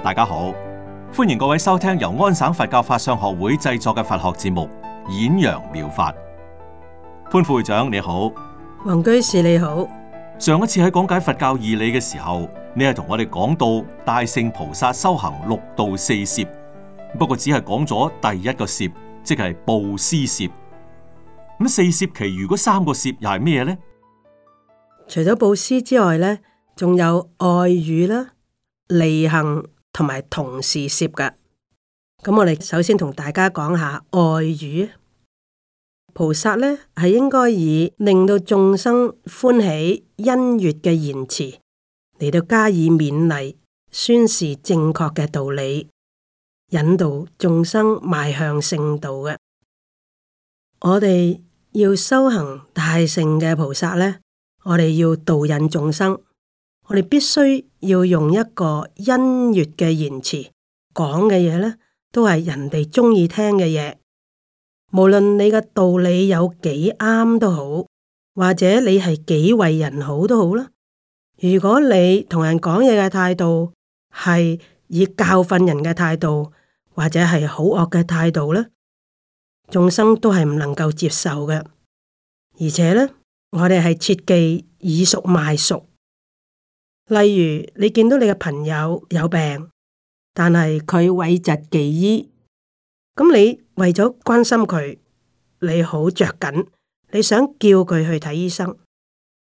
大家好，歡迎各位收聽由安省佛教法相學會製作嘅佛學節目《演揚妙，妙法》。潘副會長你好，黃居士你好。上一次喺講解佛教義理嘅時候，你係同我哋講到大乘菩薩修行六度四攝，不過只係講咗第一個攝，即係布施攝。咁四攝其餘如果三個攝又係咩呢？除咗布施之外呢，仲有愛語啦、利行，同埋同事攝嘅，咁我哋首先同大家講下愛語。菩薩呢係應該以令到眾生歡喜、欣悅嘅言辭嚟到加以勉勵、宣示正確嘅道理，引導眾生邁向聖道嘅。我哋要修行大乘嘅菩薩呢，我哋要導引眾生。我哋必須要用一個音悅嘅言辭，講嘅嘢咧，都係人哋鍾意聽嘅嘢。無論你嘅道理有幾啱都好，或者你係幾為人好都好啦。如果你同人講嘢嘅態度係以教訓人嘅態度，或者係好惡嘅態度咧，眾生都係唔能夠接受嘅。而且咧，我哋係切忌以熟賣熟。例如，你見到你嘅朋友有病，但係佢諱疾忌醫，咁你為咗關心佢，你好着緊，你想叫佢去睇醫生，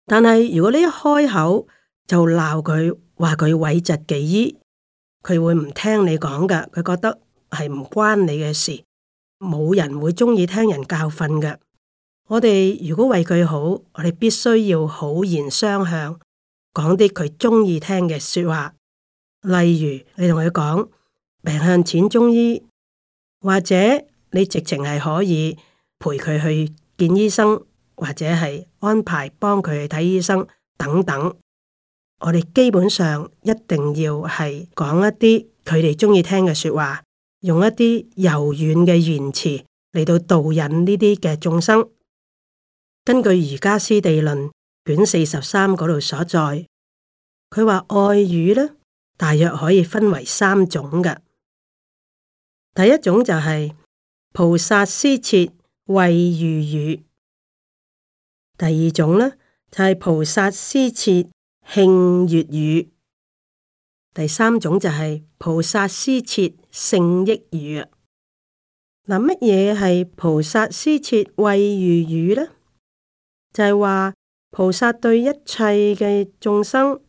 但係如果你一開口就鬧佢，話佢諱疾忌醫，佢會唔聽你講㗎，佢覺得係唔關你嘅事，冇人會鍾意聽人教訓㗎。我哋如果為佢好，我哋必須要好言相向。講啲佢中意聽嘅說話，例如你同佢講，病向淺中醫，或者你直情係可以陪佢去見醫生，或者係安排幫佢去睇醫生等等。我哋基本上一定要係講一啲佢哋中意聽嘅說話，用一啲柔軟嘅言辭嚟到導引呢啲嘅眾生。根據瑜伽師地論。卷四十三嗰度所在，佢話愛語呢大約可以分為三種嘅。第一種就係菩薩施設慰喻語，第二種呢，就係、是、菩薩施設慶悅語，第三種就係菩薩施設勝益語。嗱，乜嘢係菩薩施設慰喻語呢？就係、是、話。菩薩對一切嘅眾生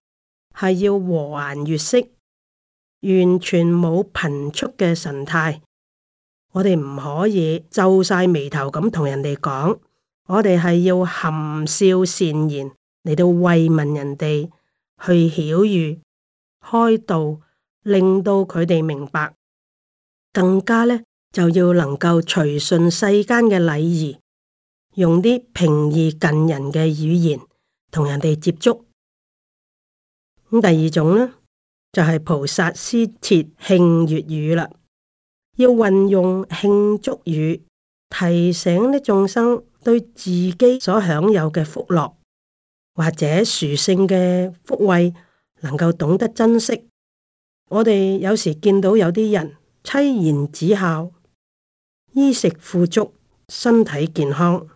係要和顏悅色，完全冇顰蹙嘅神態。我哋唔可以皺晒眉頭咁同人哋講，我哋係要含笑善言嚟到慰問人哋，去曉喻開導，令到佢哋明白。更加咧就要能夠隨順世間嘅禮儀。用啲平易近人嘅語言同人哋接觸。咁第二種呢，就係、是、菩薩施設慶悅語啦，要運用慶祝語提醒啲眾生對自己所享有嘅福樂或者殊勝嘅福慧，能夠懂得珍惜。我哋有時見到有啲人妻賢子孝，衣食富足，身體健康。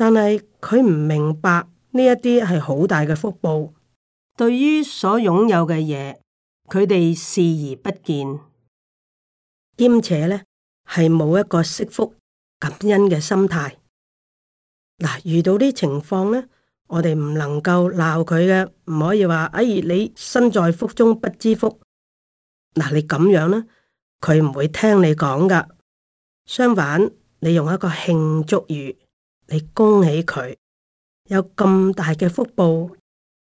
但係佢唔明白呢一啲係好大嘅福報，對於所擁有嘅嘢，佢哋視而不見，兼且呢係冇一個惜福感恩嘅心態。嗱，遇到啲情況呢，我哋唔能夠鬧佢嘅，唔可以話哎，你身在福中不知福。嗱，你咁樣呢，佢唔會聽你講噶。相反，你用一個慶祝語。你恭喜佢有咁大嘅福報，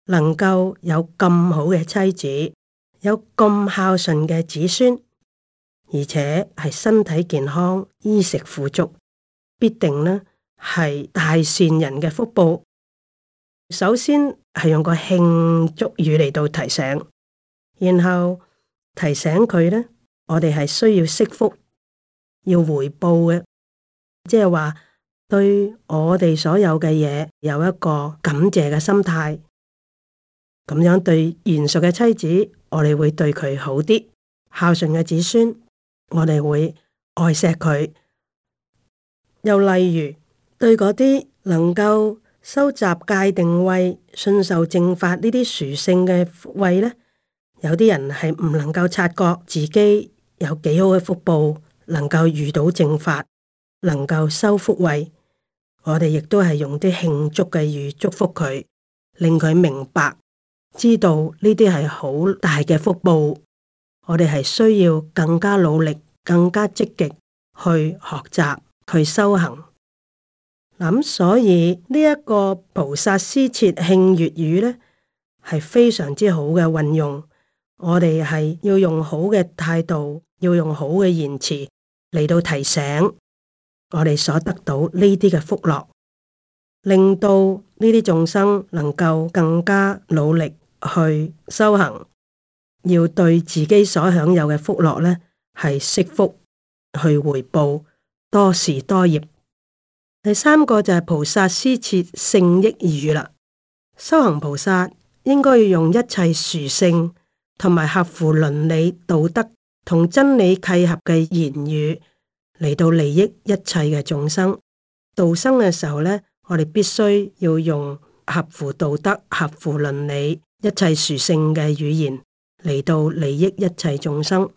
能夠有咁好嘅妻子，有咁孝順嘅子孫，而且係身體健康、衣食富足，必定呢係大善人嘅福報。首先係用個慶祝語嚟到提醒，然後提醒佢呢，我哋係需要惜福，要回報嘅，即係話。對我哋所有嘅嘢有一個感謝嘅心態，咁樣對賢淑嘅妻子，我哋會對佢好啲；孝順嘅子孫，我哋會愛錫佢。又例如對嗰啲能夠收集界定位、信受正法殊呢啲殊勝嘅福位呢，有啲人係唔能夠察覺自己有幾好嘅福報，能夠遇到正法，能夠修福位。我哋亦都係用啲慶祝嘅語祝福佢，令佢明白知道呢啲係好大嘅福報。我哋係需要更加努力、更加積極去學習、去修行。咁所以呢一個菩薩施設慶悅語呢，係非常之好嘅運用。我哋係要用好嘅態度，要用好嘅言辭嚟到提醒。我哋所得到呢啲嘅福樂，令到呢啲眾生能夠更加努力去修行，要對自己所享有嘅福樂呢，係惜福去回報多時多業。第三個就係菩薩施設性益語啦，修行菩薩應該要用一切殊勝同埋合乎倫理道德同真理契合嘅言語。嚟到利益一切嘅眾生度生嘅時候咧，我哋必須要用合乎道德、合乎倫理、一切殊勝嘅語言嚟到利益一切眾生。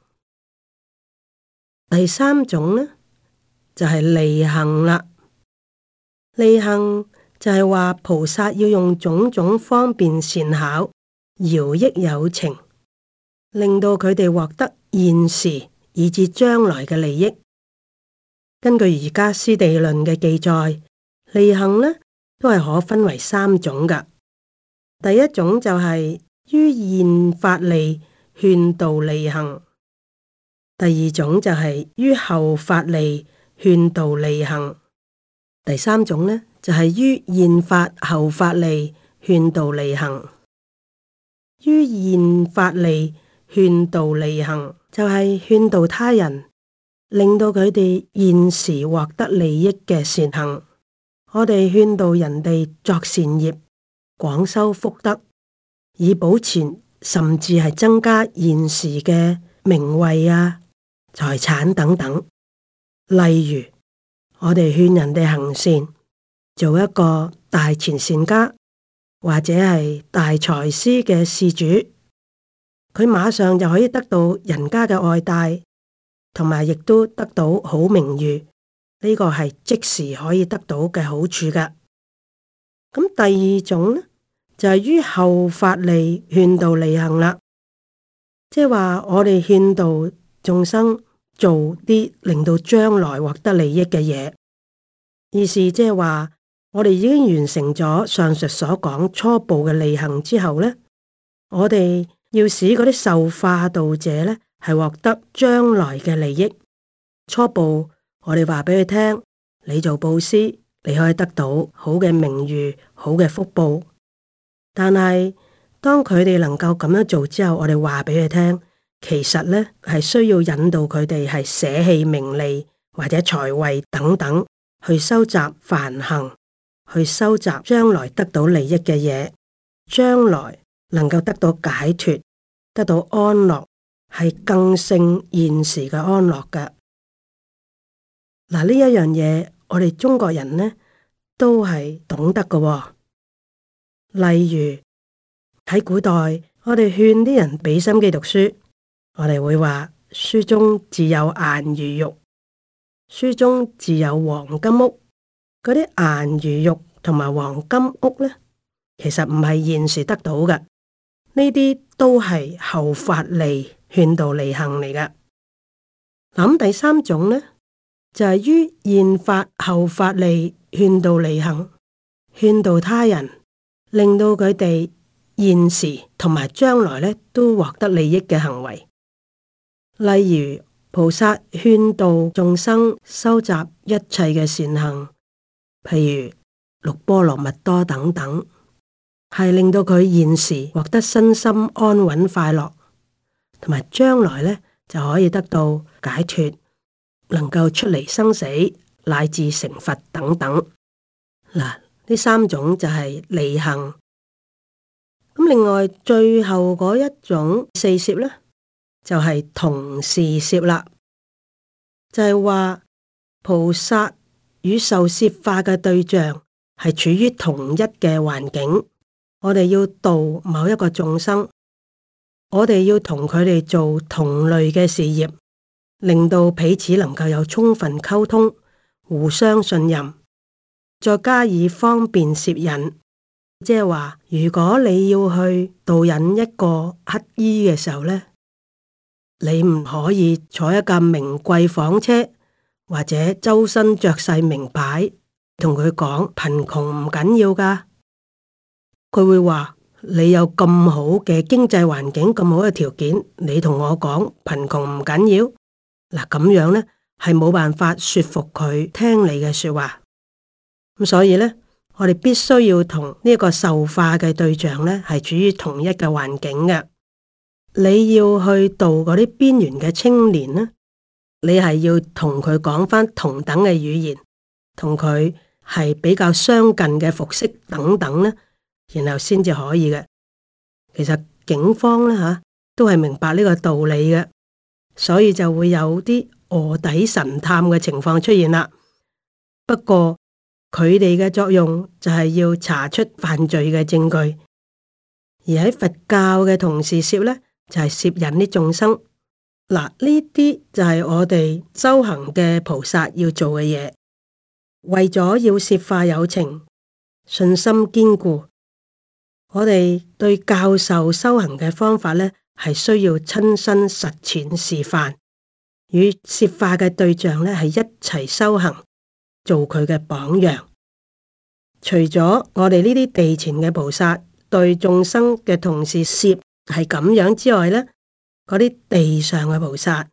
第三種咧就係、是、利行啦，利行就係話菩薩要用種種方便善巧，饒益有情，令到佢哋獲得現時以至將來嘅利益。根據而家《師地論》嘅記載，利行呢都係可分為三種㗎。第一種就係、是、於現法利勸導利行，第二種就係、是、於後法利勸導利行，第三種呢就係、是、於現法後法利勸導利行。於現法利勸導利行，就係、是、勸導他人，令到佢哋現時獲得利益嘅善行，我哋勸導人哋作善業，廣修福德，以保存甚至係增加現時嘅名位啊、財產等等。例如，我哋勸人哋行善，做一個大慈善家或者係大財師嘅事主，佢馬上就可以得到人家嘅愛戴。同埋，亦都得到好名譽，呢、這個係即時可以得到嘅好處㗎。咁第二種呢，就係、是、於後法利勸導利行啦，即係話我哋勸導眾生做啲令到將來獲得利益嘅嘢，意思即係話我哋已經完成咗上述所講初步嘅利行之後呢，我哋要使嗰啲受化道者呢。係獲得將來嘅利益。初步我哋話畀佢聽，你做布施，你可以得到好嘅名譽、好嘅福報。但係當佢哋能夠咁樣做之後，我哋話畀佢聽，其實呢係需要引導佢哋係捨棄名利或者財位等等，去收集梵行，去收集將來得到利益嘅嘢，將來能夠得到解脫，得到安樂。係更勝現時嘅安樂嘅。嗱，呢一樣嘢我哋中國人呢都係懂得嘅喎。例如喺古代，我哋勸啲人俾心機讀書，我哋會話，書中自有顏如玉，書中自有黃金屋。嗰啲顏如玉同埋黃金屋呢，其實唔係現時得到嘅，呢啲都係後發嚟。勸導利行嚟㗎，噉第三種呢，就係、是、於現法、後法利勸導利行，勸導他人，令到佢哋現時同埋將來咧都獲得利益嘅行為。例如菩薩勸導眾生收集一切嘅善行，譬如六波羅蜜多等等，係令到佢現時獲得身心安穩快樂。同埋將來呢，就可以得到解脱，能夠出離生死，乃至成佛等等。嗱，呢三種就係利行。咁另外最後嗰一種四攝呢，就係、是、同事攝啦，就係、是、話菩薩與受攝化嘅對象係處於同一嘅環境，我哋要度某一個眾生。我哋要同佢哋做同類嘅事業，令到彼此能夠有充分溝通、互相信任，再加以方便攝人。即係話，如果你要去導引一個乞衣嘅時候咧，你唔可以坐一架名貴房車，或者周身着晒名牌，同佢講貧窮唔緊要噶，佢會話。你有咁好嘅經濟環境，咁好嘅條件，你同我講貧窮唔緊要，嗱，咁樣咧係冇辦法說服佢聽你嘅說話。咁所以咧，我哋必須要同呢一個受化嘅對象咧係處於同一個環境嘅。你要去度嗰啲邊緣嘅青年咧，你係要同佢講翻同等嘅語言，同佢係比較相近嘅服飾等等咧。然後先至可以嘅，其實警方咧吓都係明白呢個道理嘅，所以就會有啲臥底神探嘅情況出現啦。不過佢哋嘅作用就係要查出犯罪嘅證據，而喺佛教嘅同事攝咧就係攝引啲眾生。嗱呢啲就係我哋修行嘅菩薩要做嘅嘢，為咗要攝化有情，信心堅固。我哋對教授修行嘅方法呢，係需要親身實踐示範，與攝化嘅對象呢，係一齊修行，做佢嘅榜樣。除咗我哋呢啲地前嘅菩薩對眾生嘅同事攝係咁樣之外呢，嗰啲地上嘅菩薩，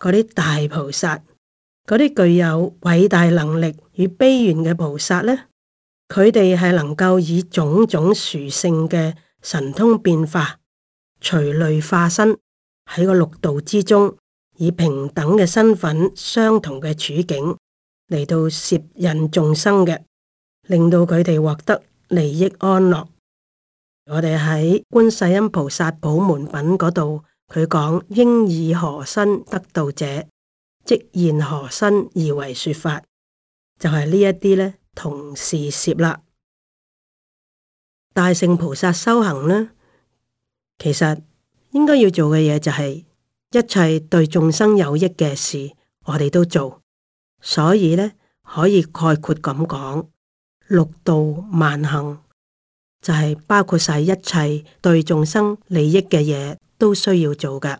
嗰啲大菩薩，嗰啲具有偉大能力與悲願嘅菩薩呢。佢哋係能夠以種種殊勝嘅神通變化，隨類化身喺個六道之中，以平等嘅身份，相同嘅處境嚟到攝引眾生嘅，令到佢哋獲得利益安樂。我哋喺觀世音菩薩普門品嗰度，佢講應以何身得道者，即現何身而為說法，就係、是、呢一啲咧。同時攝啦，大聖菩薩修行呢，其實應該要做嘅嘢就係、是、一切對眾生有益嘅事，我哋都做。所以呢，可以概括咁講，六度萬行就係、是、包括晒一切對眾生利益嘅嘢都需要做嘅。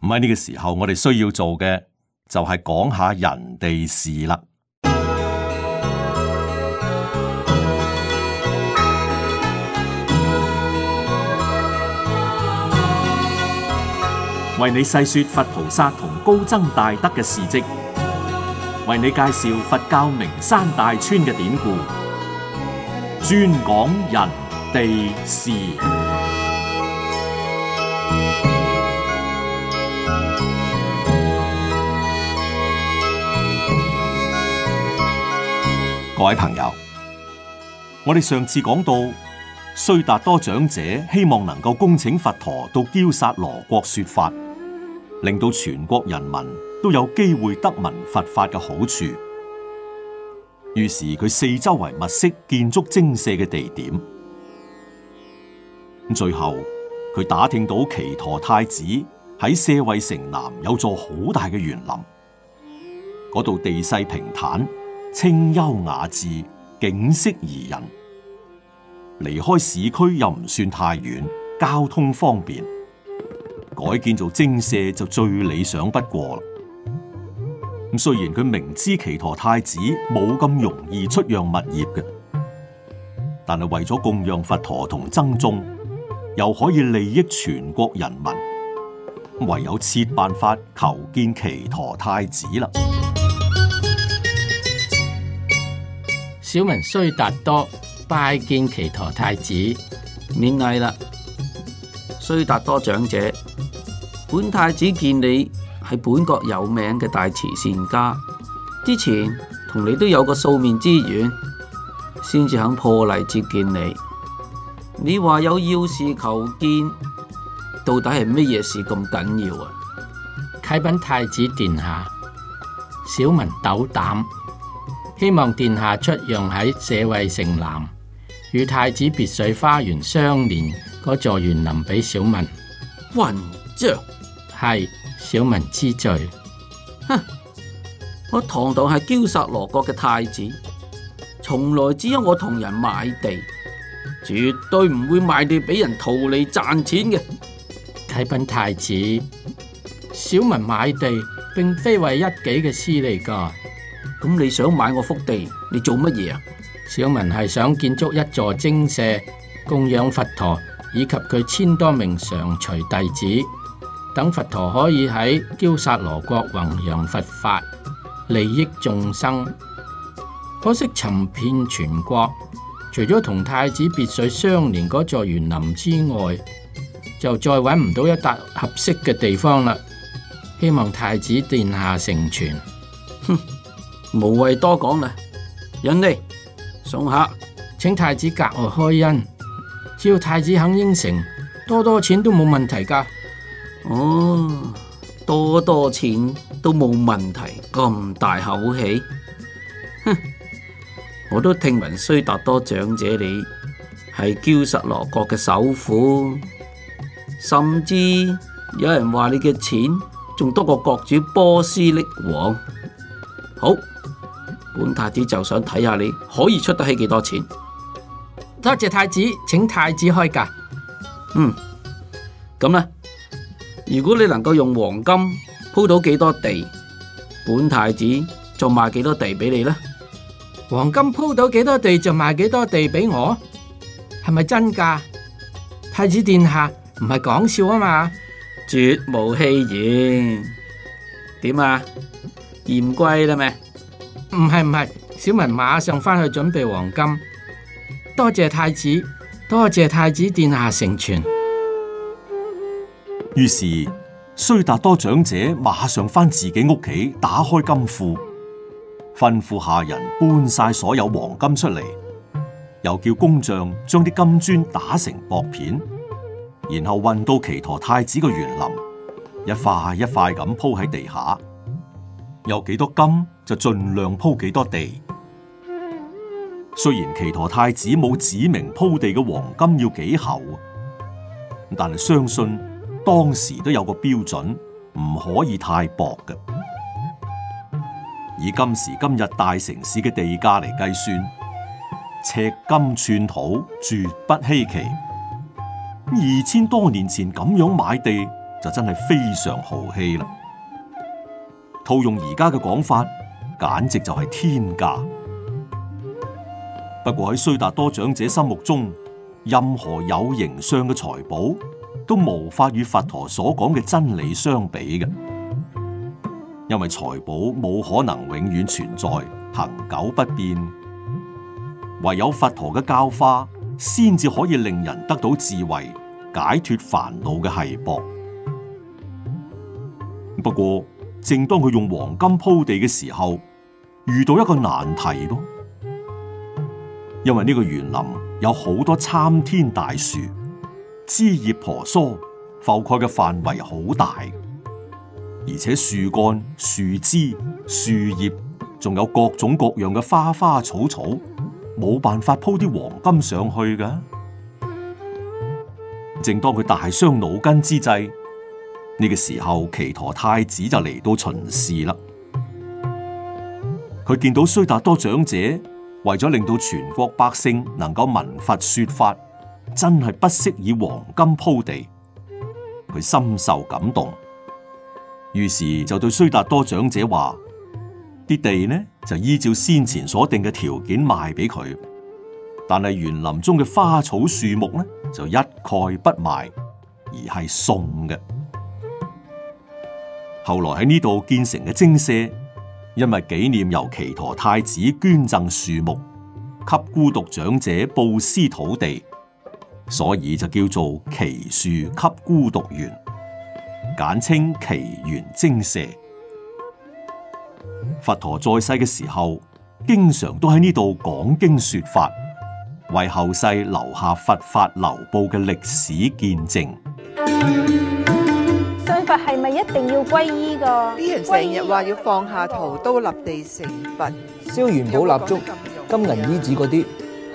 唔係呢個時候，我哋需要做嘅就係、是、講下人哋事啦。為你細說佛菩薩同高僧大德嘅事迹，為你介紹佛教名山大川嘅典故，專講人地事。各位朋友，我哋上次講到，須達多長者希望能夠恭請佛陀到憍薩羅國說法。令到全國人民都有機會得聞佛法嘅好處，於是佢四周圍物色建築精舍嘅地點。最後佢打聽到祇陀太子喺舍衛城南有座好大嘅園林，嗰度地勢平坦、清幽雅致，景色宜人，離開市區又唔算太遠，交通方便。改建做精舍就最理想不過啦。咁雖然佢明知祇陀太子冇咁容易出讓物業嘅，但係為咗供養佛陀同僧眾，又可以利益全國人民，唯有設辦法求見祇陀太子啦。小民須達多拜見祇陀太子。免禮啦，須達多長者。本太子見你係本國有名嘅大慈善家，之前同你都有個素面之緣，先至肯破例接見你。你話有要事求見，到底係乜嘢事咁緊要啊？啟稟太子殿下，小民斗膽，希望殿下出讓喺舍衛城南與太子別墅花園相連嗰座園林，俾小民。混着。係小民之罪。哼！我堂堂係憍薩羅國嘅太子，從來只有我同人買地，絕對唔會賣地俾人圖利賺錢嘅。啟稟太子，小民買地並非為一己嘅私利噶。咁你想買我幅地，你做乜嘢啊？小民係想建築一座精舍，供養佛陀以及佢千多名常隨弟子。等佛陀可以喺憍薩羅國弘揚佛法，利益眾生。可惜尋遍全國，除咗同太子別墅相連嗰座園林之外，就再搵唔到一笪合適嘅地方啦。希望太子殿下成全。哼，無謂多講啦。忍你，送客，請太子格外開恩。只要太子肯應承，多多錢都冇問題㗎。哦，多多錢都冇問題，咁大口氣，哼！我都聽聞須達多長者你係憍薩羅國嘅首富，甚至有人話你嘅錢仲多過國主波斯匿王。好，本太子就想睇下你可以出得起幾多錢。多謝太子，請太子開價。嗯，咁咧？如果你能夠用黃金鋪到幾多地，本太子就賣幾多地俾你啦。黃金鋪到幾多地就賣幾多地俾我，係咪真噶？太子殿下唔係講笑啊嘛？絕無戲言。點啊？嫌貴啦咩？唔係唔係，小民馬上翻去準備黃金。多謝太子，多謝太子殿下成全。於是，須達多長者馬上返自己屋企，打開金庫，吩咐下人搬晒所有黃金出嚟，又叫工匠將啲金磚打成薄片，然後運到祇陀太子嘅園林，一塊一塊咁鋪喺地下，有幾多金就盡量鋪幾多地。雖然祇陀太子冇指明鋪地嘅黃金要幾厚，但係相信。當時都有個標準，唔可以太薄嘅。以今時今日大城市嘅地價嚟計算，赤金寸土絕不稀奇。二千多年前咁樣買地，就真係非常豪氣啦。套用而家嘅講法，簡直就係天價。不過喺須達多長者心目中，任何有形相嘅財寶，都無法與佛陀所講嘅真理相比嘅，因為財寶冇可能永遠存在恆久不變，唯有佛陀嘅教化，先至可以令人得到智慧，解脱煩惱嘅係博。不過，正當佢用黃金鋪地嘅時候，遇到一個難題咯，因為呢個園林有好多參天大樹。枝葉婆娑，覆蓋嘅範圍好大，而且樹幹、樹枝、樹葉，仲有各種各樣嘅花花草草，冇辦法鋪啲黃金上去噶。正當佢大傷腦筋之際，呢個時候，祇陀太子就嚟到巡視啦。佢見到須達多長者，為咗令到全國百姓能夠聞法說法真係不惜以黃金鋪地，佢深受感動，於是就對須達多長者話：啲地呢就依照先前所定嘅條件賣俾佢，但係園林中嘅花草樹木呢就一概不賣，而係送嘅。後來喺呢度建成嘅精舍，因為紀念由祇陀太子捐贈樹木給孤獨長者布施土地。所以就叫做祇樹給孤獨園，簡稱祇園精舍。佛陀在世嘅時候，經常都喺呢度講經說法，為後世留下佛法流布嘅歷史見證。信佛係咪一定要皈依㗎？啲人成日話要放下屠刀立地成佛，燒元寶蠟燭，有有金銀衣紙嗰啲，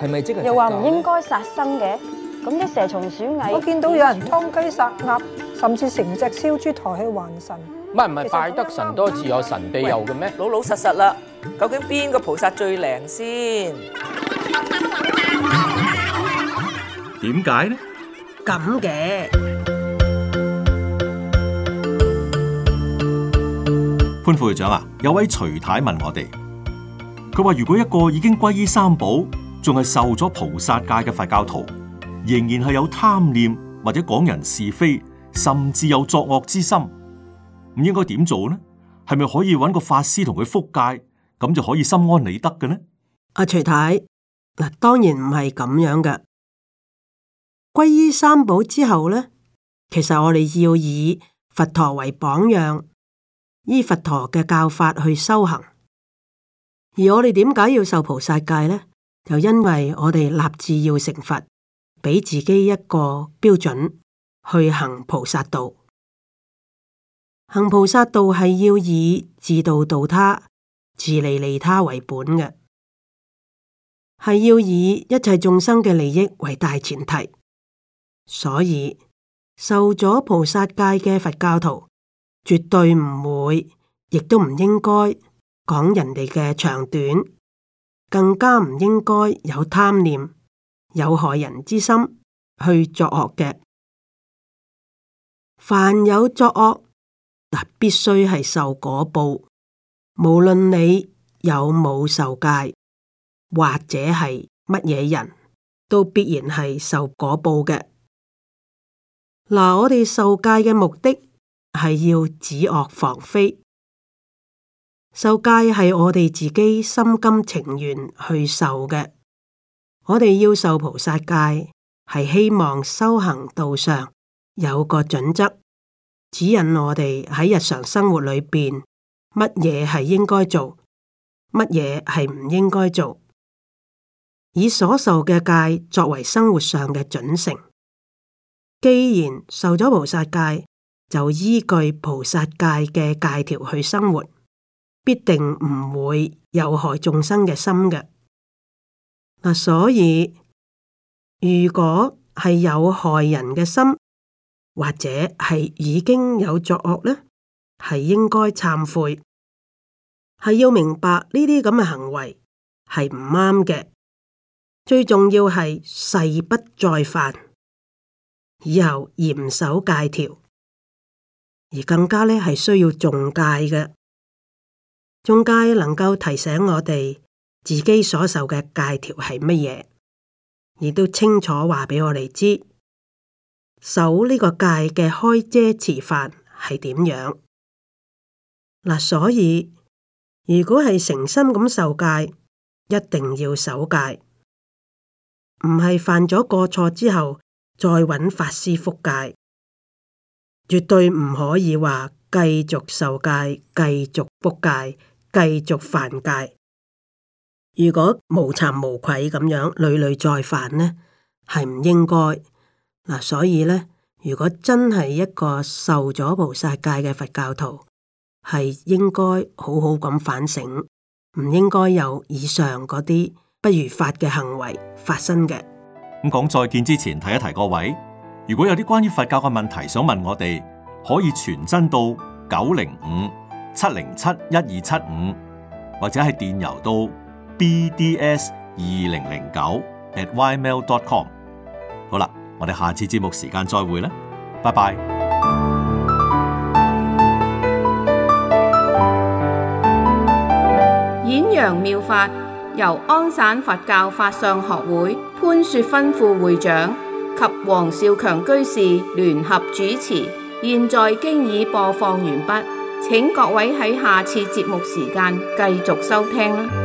係咪即係？又話唔應該殺生嘅？咁啲蛇蟲鼠蟻，我見到有人劏雞殺鴨，甚至成隻燒豬抬起還神。唔係唔係，拜得神多自有神庇佑嘅咩？老老實實啦，究竟邊個菩薩最靈先？點解呢？咁嘅潘副議長啊，有位徐太太問我哋，佢話如果一個已經皈依三寶，仲係受咗菩薩戒嘅佛教徒，仍然係有貪念，或者講人是非，甚至有作惡之心，唔應該點做呢？係咪可以揾個法師同佢複戒，咁就可以心安理得嘅呢？阿、啊、徐太，嗱，當然唔係咁樣嘅。皈依三寶之後咧，其實我哋要以佛陀為榜樣，依佛陀嘅教法去修行。而我哋點解要受菩薩戒呢？就因為我哋立志要成佛。俾自己一個標準去行菩薩道，行菩薩道係要以自度度他、自利利他為本嘅，係要以一切眾生嘅利益為大前提。所以受咗菩薩戒嘅佛教徒，絕對唔會，亦都唔應該講人哋嘅長短，更加唔應該有貪念。有害人之心去作惡嘅，凡有作惡，必須係受果報。無論你有冇受戒，或者係乜嘢人，都必然係受果報嘅。嗱，我哋受戒嘅目的係要止惡防非，受戒係我哋自己心甘情願去受嘅。我哋要受菩薩戒，係希望修行道上有個準則，指引我哋喺日常生活裏邊，乜嘢係應該做，乜嘢係唔應該做，以所受嘅戒作為生活上嘅準繩。既然受咗菩薩戒，就依據菩薩戒嘅戒條去生活，必定唔會有害眾生嘅心嘅。所以如果係有害人嘅心，或者係已經有作惡咧，係應該懺悔，係要明白呢啲咁嘅行為係唔啱嘅。最重要係誓不再犯，以後嚴守戒條，而更加咧係需要重戒嘅，重戒能夠提醒我哋。自己所受嘅戒條係乜嘢，亦都清楚話畀我哋知。守呢個戒嘅開遮持法係點樣？嗱，所以如果係誠心咁受戒，一定要守戒，唔係犯咗過錯之後再揾法師復戒，絕對唔可以話繼續受戒、繼續復戒、繼續犯戒。如果無慚無愧咁樣屢屢再犯呢，係唔應該嗱、啊。所以呢，如果真係一個受咗菩薩戒嘅佛教徒，係應該好好咁反省，唔應該有以上嗰啲不如法嘅行為發生嘅。咁講再見之前，提一提各位，如果有啲關於佛教嘅問題想問我哋，可以傳真到九零五七零七一二七五，75, 或者係電郵到。bds 二零零九 at ymail.com 好啦，我哋下次節目時間再會啦，拜拜。演揚妙法由安省佛教法相學會潘雪芬副會長及黃少強居士聯合主持，現在經已播放完畢，請各位喺下次節目時間繼續收聽啦。